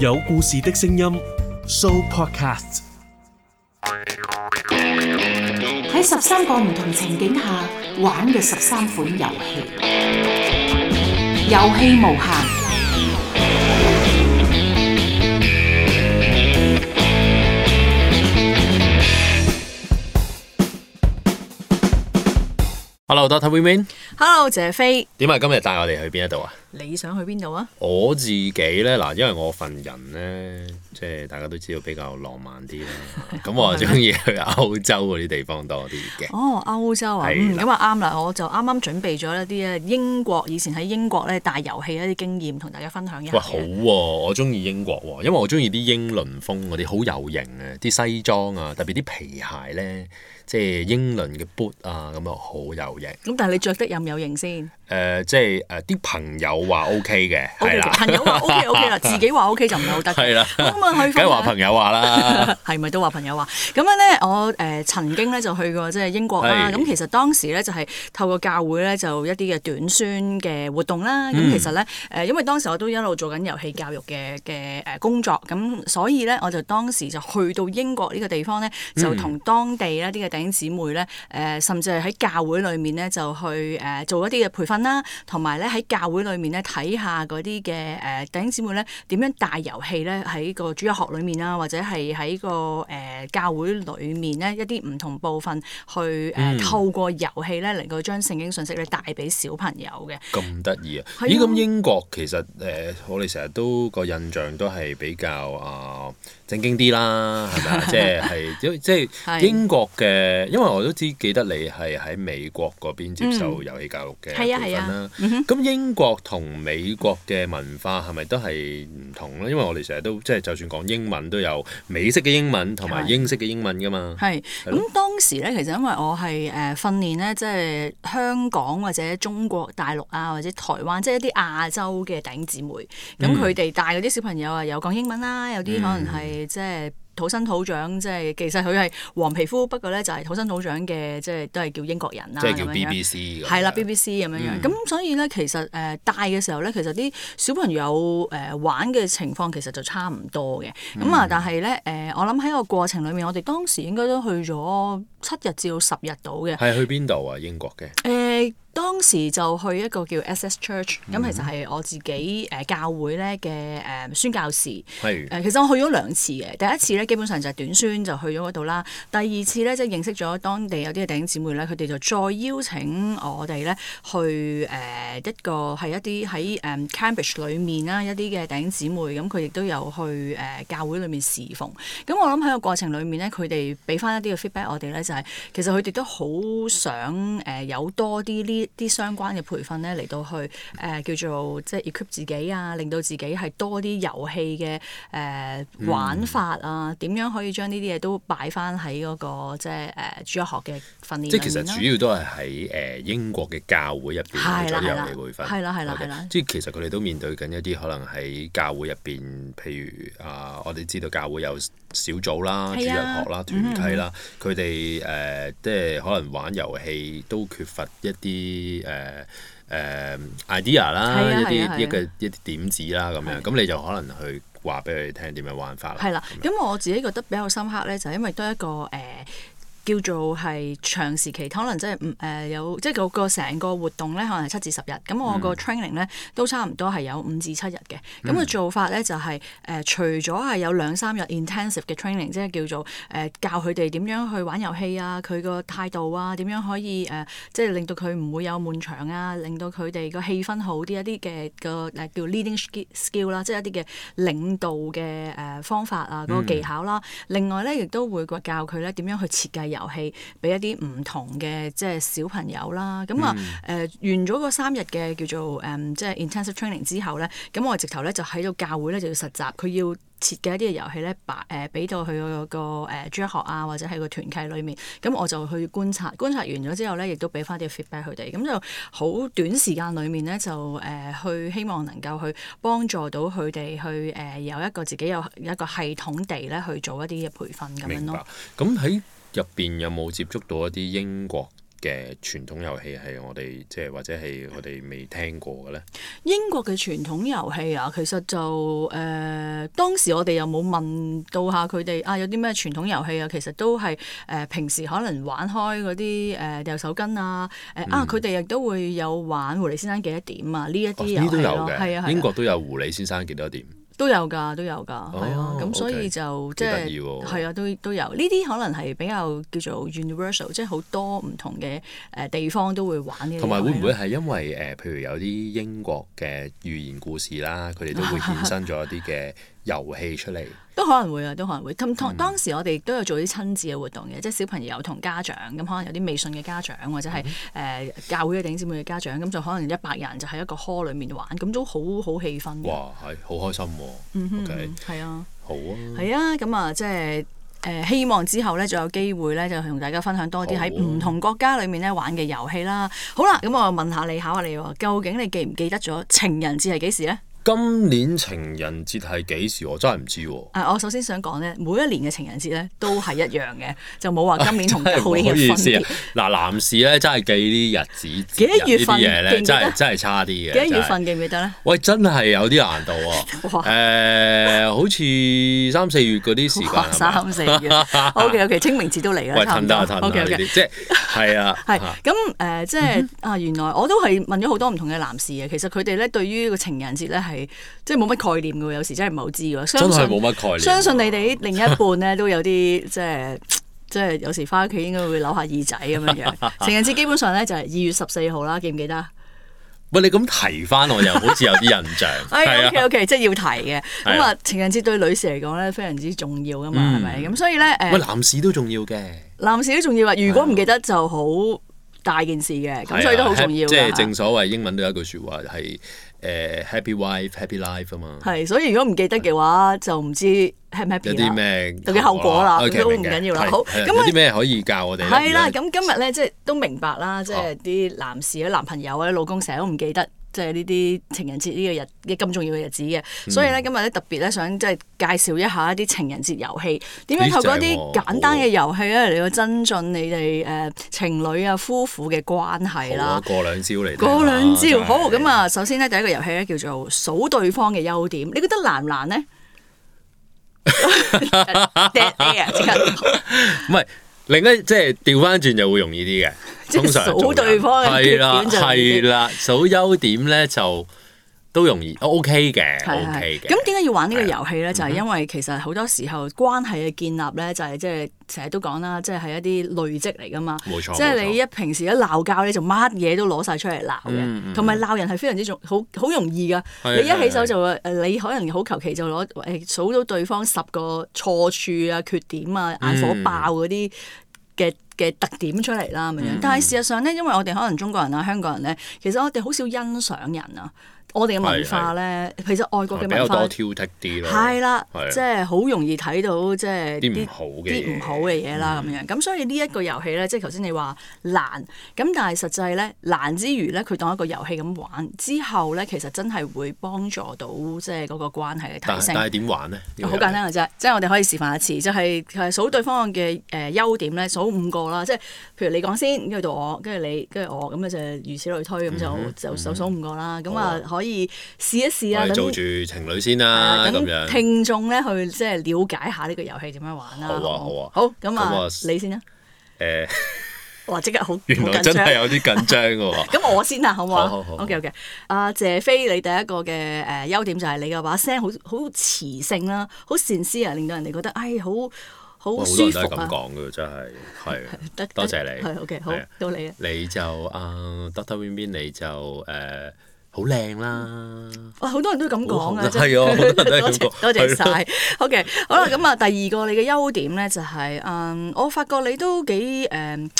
有故事的聲音 show podcast 喺十三個唔同情景下玩嘅十三款遊戲，遊戲無限。Hello，Doctor 維們。Hello，謝飛。點解今日帶我哋去邊一度啊？你想去邊度啊？我自己咧嗱，因為我份人咧，即係大家都知道比較浪漫啲啦。咁 我就中意去歐洲嗰啲地方多啲嘅。 哦，歐洲啊，咁啊啱啦！我就啱啱準備咗一啲咧英國， 以前喺英國咧大遊戲一啲經驗，同大家分享一下。喂，好喎、啊！我中意英國喎、啊，因為我中意啲英倫風嗰啲好有型啊，啲西裝啊，特別啲皮鞋咧，即係英倫嘅 boot 啊，咁啊好有型。咁但係你着得有唔有型先？誒、呃、即係誒啲朋友話 OK 嘅，係、呃、啦，朋友話 OK okay, 了 OK OK 啦， 自己話 OK 就唔係 好得嘅。咁啊，可梗係話朋友話啦，係咪 都話朋友話？咁樣咧，我誒、呃、曾經咧就去過即係英國啦。咁是其實當時咧就係、是、透過教會咧就一啲嘅短宣嘅活動啦。咁、嗯、其實咧誒、呃，因為當時我都一路做緊遊戲教育嘅嘅誒工作，咁所以咧我就當時就去到英國呢個地方咧，就同當地一啲嘅弟兄姊妹咧誒、呃，甚至係喺教會裏面咧就去誒做一啲嘅培訓。啦，同埋咧喺教會裏面咧睇下嗰啲嘅誒弟兄姊妹咧點樣帶遊戲咧喺個主日學裏面啦，或者係喺個誒教會裏面咧一啲唔同部分去誒透過遊戲咧能夠將聖經信息咧帶俾小朋友嘅。咁得意啊！咦，咁、嗯、英國其實誒、呃、我哋成日都個印象都係比較啊、呃、正經啲啦，係咪啊？即係係即係英國嘅，因為我都知記得你係喺美國嗰邊接受遊戲教育嘅。嗯，係啊！係。咁、嗯、英國同美國嘅文化係咪都係唔同呢？因為我哋成日都即係就算講英文都有美式嘅英文同埋英式嘅英文㗎嘛。係是，咁的當時呢，其實因為我係誒訓練呢，即、就、係、是、香港或者中國大陸啊，或者台灣，即、就、係、是、一啲亞洲嘅頂姊妹，咁佢哋帶嗰啲小朋友啊，有講英文啦、啊，有啲可能係即係。嗯嗯土生土長即係其實佢係黃皮膚，不過咧就係土生土長嘅，即係都係叫英國人啦。即係叫 BBC。係啦，BBC 咁樣樣。咁、嗯、所以咧，其實誒、呃、帶嘅時候咧，其實啲小朋友誒、呃、玩嘅情況其實就差唔多嘅。咁啊、嗯，但係咧誒，我諗喺個過程裡面，我哋當時應該都去咗七日至到十日到嘅。係去邊度啊？英國嘅。誒、呃。當時就去一個叫 SS Church，咁其實係我自己誒、呃、教會咧嘅誒宣教士。係誒是、呃、其實我去咗兩次嘅，第一次咧基本上就係短宣就去咗度啦。第二次咧即係認識咗當地有啲嘅弟兄姊妹咧，佢哋就再邀請我哋咧去誒、呃、一個係一啲喺誒 Cambridge 裏面啦，一啲嘅弟兄姊妹咁，佢亦都有去誒、呃、教會裏面侍奉。咁我諗喺個過程裏面咧，佢哋俾翻一啲嘅 feedback 我哋咧，就係、是、其實佢哋都好想誒有、呃呃、多啲呢。啲相關嘅培訓咧嚟到去誒、呃、叫做即係 equip 自己啊，令到自己係多啲遊戲嘅誒、呃、玩法啊，點樣可以將呢啲嘢都擺翻喺嗰個即係誒、呃、主日學嘅訓練。即係其實主要都係喺誒英國嘅教會入邊做遊戲培訓，係啦係啦係啦。即係其實佢哋都面對緊一啲可能喺教會入邊，譬如啊、呃，我哋知道教會有小組啦、主日學啦、團契啦，佢哋誒即係可能玩遊戲都缺乏一啲啲誒誒 idea 啦，一啲一個一啲點子啦，咁樣咁你就可能去話俾佢哋聽點樣玩法啦。係啦、啊，咁我自己覺得比較深刻咧，就係因為都係一個。誒、呃。叫做係長時期，可能即係唔誒有，即係個個成個活動咧，可能係七至十日。咁我個 training 咧都差唔多係有五至七日嘅。咁個做法咧就係、是、誒、呃、除咗係有兩三日 intensive 嘅 training，即係叫做誒、呃、教佢哋點樣去玩遊戲啊，佢個態度啊，點樣可以誒、呃、即係令到佢唔會有悶場啊，令到佢哋個氣氛好啲一啲嘅個誒叫 leading skill 啦，即係一啲嘅領導嘅誒、呃、方法啊，嗰個技巧啦、啊。嗯、另外咧，亦都會教佢咧點樣去設計。遊戲俾一啲唔同嘅，即係小朋友啦，咁啊，誒完咗嗰三日嘅叫做誒、嗯、即係 intensive training 之後咧，咁、嗯、我直頭咧就喺度教會咧就要實習，佢要設計一啲嘅遊戲咧，誒俾到佢個個誒專學啊，或者係個團契裏面，咁、嗯、我就去觀察，觀察完咗之後咧，亦都俾翻啲 feedback 佢哋。咁就好短時間裏面咧就誒去希望能夠去幫助到佢哋去誒有一個自己有有一個系統地咧去做一啲嘅培訓咁樣咯。明白。咁、嗯、喺、嗯嗯嗯嗯嗯嗯入邊有冇接觸到一啲英國嘅傳統遊戲係我哋即係或者係我哋未聽過嘅咧？英國嘅傳統遊戲啊，其實就誒、呃、當時我哋有冇問到下佢哋啊，有啲咩傳統遊戲啊？其實都係誒、呃、平時可能玩開嗰啲誒掉手巾啊，誒啊佢哋亦都會有玩狐狸先生幾多點啊？呢一啲都有，嘅英國都有狐狸先生幾多點。都有㗎，都有㗎，係啊、oh，咁所以就即係係啊，都都有呢啲可能係比較叫做 universal，即係好多唔同嘅誒地方都會玩呢啲。同埋會唔會係因為誒、呃，譬如有啲英國嘅寓言故事啦，佢哋都會衍生咗一啲嘅。遊戲出嚟都可能會啊，都可能會。咁當當時我哋都有做啲親子嘅活動嘅，嗯、即係小朋友同家長咁，可能有啲未信嘅家長或者係誒、嗯呃、教會嘅頂尖姊妹嘅家長咁，就可能一百人就喺一個 hall 裏面玩，咁都好好氣氛。哇，係好開心、啊。嗯哼，係 Okay?、嗯、啊，好啊，係啊，咁啊，即係誒、呃、希望之後咧，仲有機會咧，就同大家分享多啲喺唔同國家裏面咧玩嘅遊戲啦。好啦、啊，咁、啊、我問下你，考下你，究竟你記唔記得咗情人節係幾時咧？今年情人節係幾時？我真係唔知喎。啊，我首先想講咧，每一年嘅情人節咧都係一樣嘅，就冇話今年同一號嘅月份。嗱，男士咧真係記啲日子，幾多月份真係真係差啲嘅。幾月份記唔記得咧？喂，真係有啲難度喎。誒，好似三四月嗰啲時間，三四月。OK，OK，清明節都嚟啦，褪下褪下呢啲，即係係啊。係。咁誒，即係啊，原來我都係問咗好多唔同嘅男士嘅，其實佢哋咧對於個情人節咧係。即係冇乜概念噶，有時真係唔係好知噶。真係冇乜概念，相信你哋另一半咧 都有啲即係即係，有時翻屋企應該會扭下耳仔咁樣樣。 情人節基本上咧就係、是、二月十四號啦，記唔記得？喂，你咁提翻我又 好似有啲印象。哎 ，OK OK， 即係要提嘅。咁啊，情人節對女士嚟講咧非常之重要噶嘛，係咪、嗯？咁所以咧，誒，喂，男士都重要嘅，男士都重要啊！如果唔記得就好。大件事嘅，咁所以都好重要。即係正所謂英文都有一句説話係誒 Happy wife, happy life 啊嘛。係，所以如果唔記得嘅話，就唔知係唔係 happy 啊，有啲咩究竟後果啦，都唔緊要啦。好，咁有啲咩可以教我哋咧？係啦，咁今日咧即係都明白啦，即係啲男士啊、男朋友或者老公成日都唔記得。即係呢啲情人節呢個日，啲咁重要嘅日子嘅，嗯、所以咧今日咧特別咧想即係介紹一下一啲情人節遊戲，點樣透過一啲簡單嘅遊戲咧嚟到增進你哋誒情侶啊夫婦嘅關係啦、嗯。過兩招嚟，過兩招對好。咁啊，首先咧第一個遊戲咧叫做數對方嘅優點，你覺得難唔難呢？唔係。 另一即係調返轉就會容易啲嘅，是通常做係啦，係啦，數優點咧就。都容易，O K 嘅，O K 嘅。咁點解要玩呢個遊戲咧？就係因為其實好多時候關係嘅建立咧，就係即係成日都講啦，即係係一啲累積嚟噶嘛。冇錯，即係你一平時一鬧交咧，就乜嘢都攞晒出嚟鬧嘅，同埋鬧人係非常之重，好好容易噶。你一起手就話誒，你可能好求其就攞誒數到對方十個錯處啊、缺點啊、眼火爆嗰啲嘅嘅特點出嚟啦咁樣。但係事實上咧，因為我哋可能中國人啊、香港人咧，其實我哋好少欣賞人啊。我哋嘅文化咧，其實外國嘅文化比較多挑剔啲係啦，即係好容易睇到即係啲唔好嘅嘢啦咁樣。咁所以呢一個遊戲咧，即係頭先你話難，咁但係實際咧，難之餘咧，佢當一個遊戲咁玩之後咧，其實真係會幫助到即係嗰個關係嘅提升。但係點玩咧？好簡單嘅啫，即係我哋可以示範一次，就係係數對方嘅誒優點咧，數五個啦。即係譬如你講先，跟住到我，跟住你，跟住我，咁咧就如此類推，咁就就數五個啦。咁啊～可以試一試啊！做住情侶先啦，咁樣聽眾咧去即係了解下呢個遊戲點樣玩啦。好啊，好啊，好咁啊，你先啦。誒，哇！即刻好，原來真係有啲緊張嘅喎。咁我先啦，好唔好？好，好，OK，OK。阿謝飛，你第一個嘅誒優點就係你嘅把聲好好磁性啦，好善思啊，令到人哋覺得誒好好舒服啊。好多人都咁講嘅，真係係多謝你，係好嘅，好到你啊。你就啊得得，c t 你就誒。好靚啦！哇，好多人都咁講啊，真係啊！多謝多謝晒。OK，好啦，咁啊，第二個你嘅優點咧就係誒，我發覺你都幾誒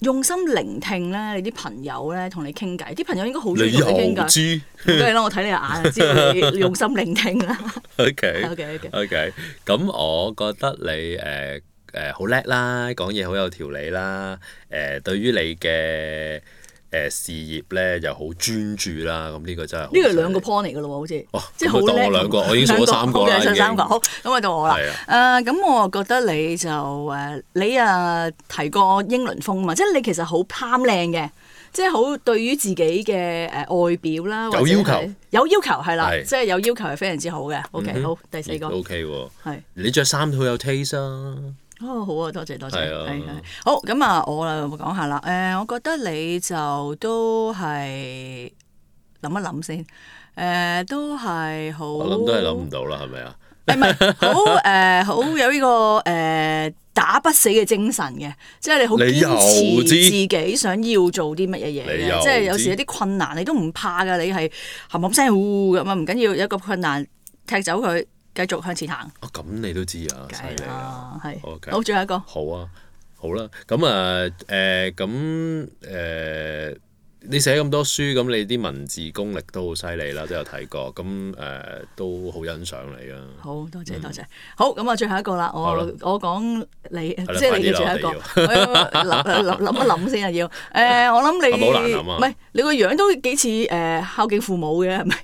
用心聆聽咧，你啲朋友咧同你傾偈，啲朋友應該好中意你傾偈。知梗係咯，我睇你眼啊，知你用心聆聽啦。OK，OK，OK。咁我覺得你誒誒好叻啦，講嘢好有條理啦。誒，對於你嘅誒事業咧又好專注啦，咁呢個真係呢個兩個 point 嚟㗎咯，好似。哦，即係好靚。當我兩個，我已經數咗三個啦。好，咁咪到我啦。誒，咁我覺得你就誒，你啊提過英倫風嘛，即係你其實好貪靚嘅，即係好對於自己嘅誒外表啦，有要求，有要求係啦，即係有要求係非常之好嘅。OK，好，第四個。OK 喎，係你着衫好有 taste 啊！哦，好啊，多謝多謝，係好咁啊，嗯、我啊講下啦，誒、呃，我覺得你就都係諗一諗先，誒、呃，都係好，我諗都係諗唔到啦，係咪啊？唔係好誒，好、呃、有呢、這個誒、呃、打不死嘅精神嘅，即係你好堅持自己想要做啲乜嘢嘢，即係有時有啲困難你都唔怕㗎，你係冚冚聲呼咁啊，唔緊要，有一個困難踢走佢。繼續向前行。啊、哦，咁你都知啊，犀利啊，係是。Okay. 好，最後一個。好啊，好啦，咁啊，誒、嗯，咁、嗯、誒。嗯嗯嗯你寫咁多書，咁你啲文字功力都好犀利啦，都有睇過，咁誒都好欣賞你啊！好多謝多謝，好咁啊，最後一個啦，我我講你，即係你嘅最後一個，諗諗一諗先啊，要誒，我諗你唔好難諗啊，唔係你個樣都幾似誒孝敬父母嘅，係咪？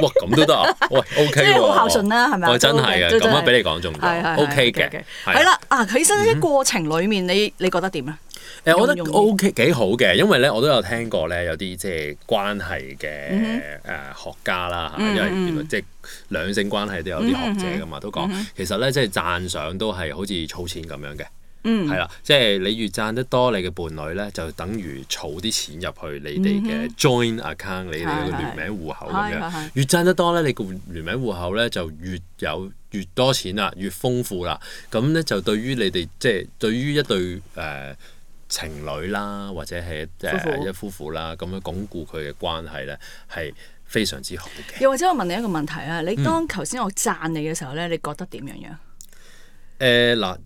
哇，咁都得啊，喂，OK，即係好孝順啦，係咪？我真係啊，咁樣俾你講中，OK 嘅，係啦，啊，其實喺過程裡面，你你覺得點咧？誒、欸，我覺得 OK 幾好嘅，因為咧，我都有聽過咧，有啲即係關係嘅誒、mm hmm. 呃、學家啦嚇，mm hmm. 因為原來即係兩性關係都有啲學者噶嘛，都講、mm hmm. 其實咧，即係讚賞都係好似儲錢咁樣嘅，係、mm hmm. 啦，即係你越讚得多，你嘅伴侶咧就等於儲啲錢入去你哋嘅 join account，你哋個聯名戶口咁樣。越讚得多咧，你個聯名戶口咧、mm hmm. 就越有越多錢啦，越豐富啦。咁咧就對於你哋即係對於一對誒。呃呃情侶啦，或者係一婦、呃、一夫婦啦，咁樣鞏固佢嘅關係咧，係非常之好嘅。又或者我問你一個問題啊，你當頭先我讚你嘅時候咧，嗯、你覺得點樣樣？誒嗱、呃。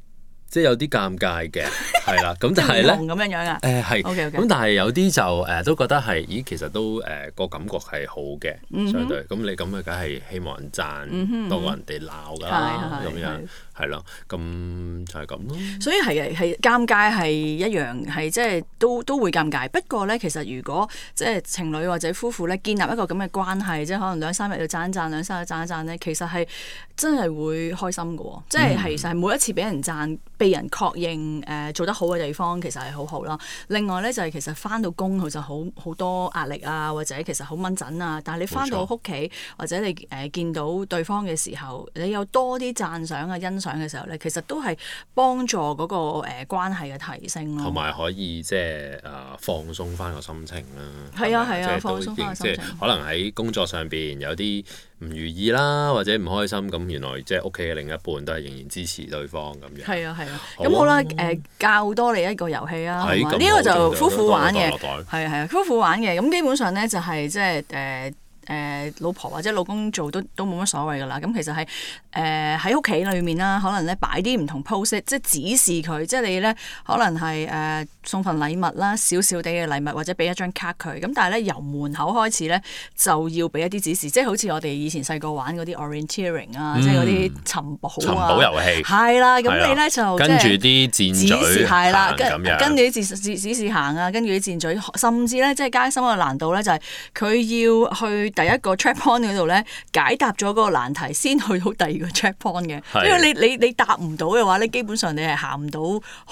即係有啲尷尬嘅，係啦。咁但係咧，誒係。ok，ok。咁但係有啲就誒都覺得係，咦，其實都誒個感覺係好嘅，相對。咁你咁啊，梗係希望人贊多過人哋鬧㗎啦，咁樣係咯。咁就係咁咯。所以係啊，係尷尬係一樣，係即係都都會尷尬。不過咧，其實如果即係情侶或者夫婦咧，建立一個咁嘅關係，即係可能兩三日就贊一贊，兩三日贊一贊咧，其實係真係會開心㗎。即係其實係，每一次俾人贊。被人確認誒、呃、做得好嘅地方其實係好好咯。另外呢，就係、是、其實翻到工佢就好好多壓力啊，或者其實好掹陣啊。但係你翻到屋企冇錯或者你誒、呃、見到對方嘅時候，你有多啲讚賞啊、欣賞嘅時候咧，其實都係幫助嗰、那個誒、呃、關係嘅提升咯。同埋可以即係誒放鬆翻個心情啦。係啊係啊，啊放鬆翻心情。即係可能喺工作上邊有啲。唔如意啦，或者唔開心咁，原來即係屋企嘅另一半都係仍然支持對方咁樣。係啊係啊，咁、啊、好啦、啊，誒、呃、教多你一個遊戲啦，呢、啊、個就夫婦玩嘅，係啊係啊夫婦玩嘅，咁基本上咧就係即係誒。呃誒、呃、老婆或者老公做都都冇乜所謂㗎啦，咁其實係誒喺屋企裏面啦，可能咧擺啲唔同 pose，即係指示佢，即係你咧可能係誒、呃、送份禮物啦，少少啲嘅禮物或者俾一張卡佢，咁但係咧由門口開始咧就要俾一啲指示，即係好似我哋以前細個玩嗰啲 orienteering 啊、嗯，即係嗰啲尋寶啊，尋寶遊戲係啦，咁你咧的就跟住啲指示係啦，行跟跟住啲指指指示行啊，跟住啲箭嘴，甚至咧即係加深個難度咧，就係佢要去。第一個 checkpoint 嗰度，咧解答咗嗰個難題，先去到第二個 checkpoint 嘅，是因為你你你答唔到嘅話咧，你基本上你係行唔到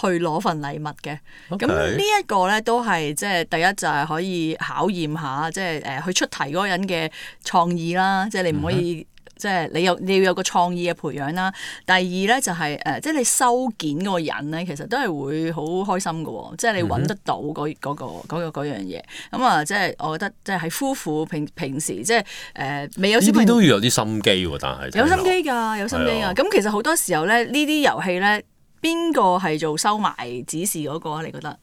去攞份禮物嘅。咁 Okay. 呢一個咧都係即係第一就係可以考驗下即係誒去出題嗰個人嘅創意啦，即係你唔可以，嗯。即係你有你要有個創意嘅培養啦。第二咧就係誒，即係你收件嗰個人咧，其實都係會好開心噶即係你搵得到嗰嗰、嗰個嗰、嗰個、嗰個、樣嘢。咁、嗯、啊，即係我覺得即係喺夫婦平平時即係誒、呃、未有小朋友都要有啲心機㗎，但係有心機㗎。咁對、啊、其實好多時候咧呢啲遊戲咧，邊個係做收埋指示嗰個啊？你覺得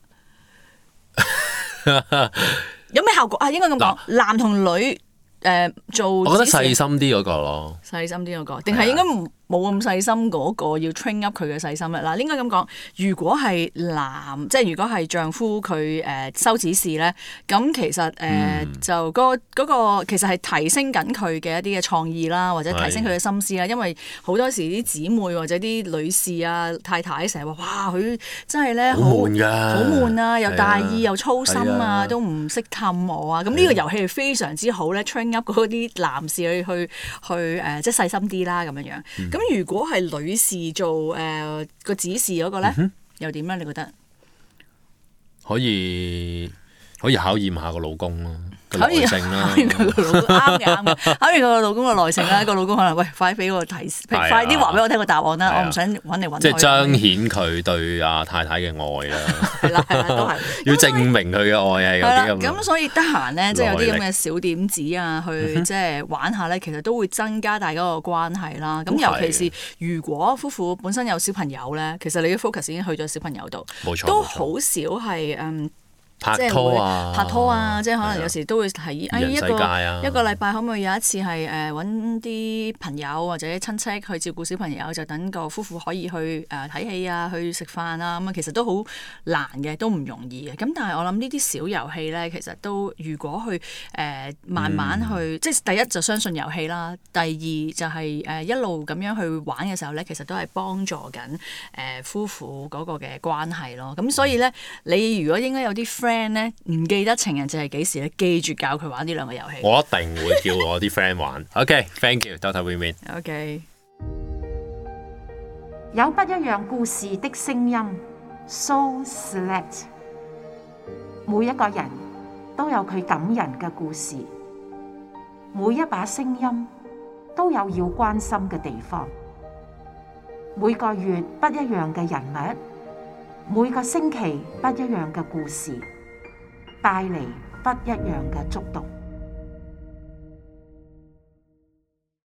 有咩效果啊？應該咁講，嘍 男同女。誒、呃、做，我覺得細心啲嗰個咯，細心啲嗰、嗰個，定係是、啊、應該唔。冇咁細心嗰、那個要 train up 佢嘅細心咧。嗱，應該咁講，如果係男，即係如果係丈夫佢誒收指示咧，咁、呃、其實誒、呃嗯、就嗰、那、嗰、個那個其實係提升緊佢嘅一啲嘅創意啦，或者提升佢嘅心思啦。的因為好多時啲姊妹或者啲女士啊、太太成日話：哇，佢真係咧好悶㗎，好悶啊，又大意的又粗心啊，的都唔識氹我啊。咁呢的的個遊戲係非常之好咧，train up 嗰啲男士去去去誒、呃呃，即係細心啲啦，咁樣樣咁。嗯咁如果係女士做誒個、呃、指示嗰個咧，又點咧？你覺得可以可以考驗下個老公咯、啊。考完佢個老公，啱嘅啱嘅。考完佢個老公嘅耐性啦，個老公可能喂，快俾個提示，快啲話俾我聽個答案啦，呀我唔想揾嚟揾去。即係彰顯佢對阿太太嘅愛啦。係啦係啦，都係要證明佢嘅愛係咁 的。係啦， 咁所以得閒咧，即係有啲咁嘅小點子啊，去即係玩下咧，其實都會增加大家個關係啦。咁、嗯嗯嗯、尤其是如果夫婦本身有小朋友咧，其實你嘅 focus 已經去咗小朋友度，冇錯，都好少係嗯。即係拍拖啊，即係、啊、可能有時都會喺一個一個禮拜可唔可以有一次係誒揾啲朋友或者親戚去照顧小朋友，就等個夫婦可以去誒睇戲啊，去食飯啊，咁啊，其實都好難嘅，都唔容易嘅。咁但係我諗呢啲小遊戲咧，其實都如果去誒、呃、慢慢去，嗯、即係第一就相信遊戲啦，第二就係、是、誒、呃、一路咁樣去玩嘅時候咧，其實都係幫助緊誒、呃、夫婦嗰個嘅關係咯。咁所以咧，你如果應該有啲 friend。咧，唔記得情人節係幾時咧？記住教佢玩呢兩個遊戲，我一定會叫我啲 friend 玩。OK，Thank you，到時見面。OK，有不一樣故事的聲音，so select。每一個人都有佢感人嘅故事，每一把聲音都有要關心嘅地方。每個月不一樣嘅人物，每個星期不一樣嘅故事，帶嚟不一樣嘅觸動。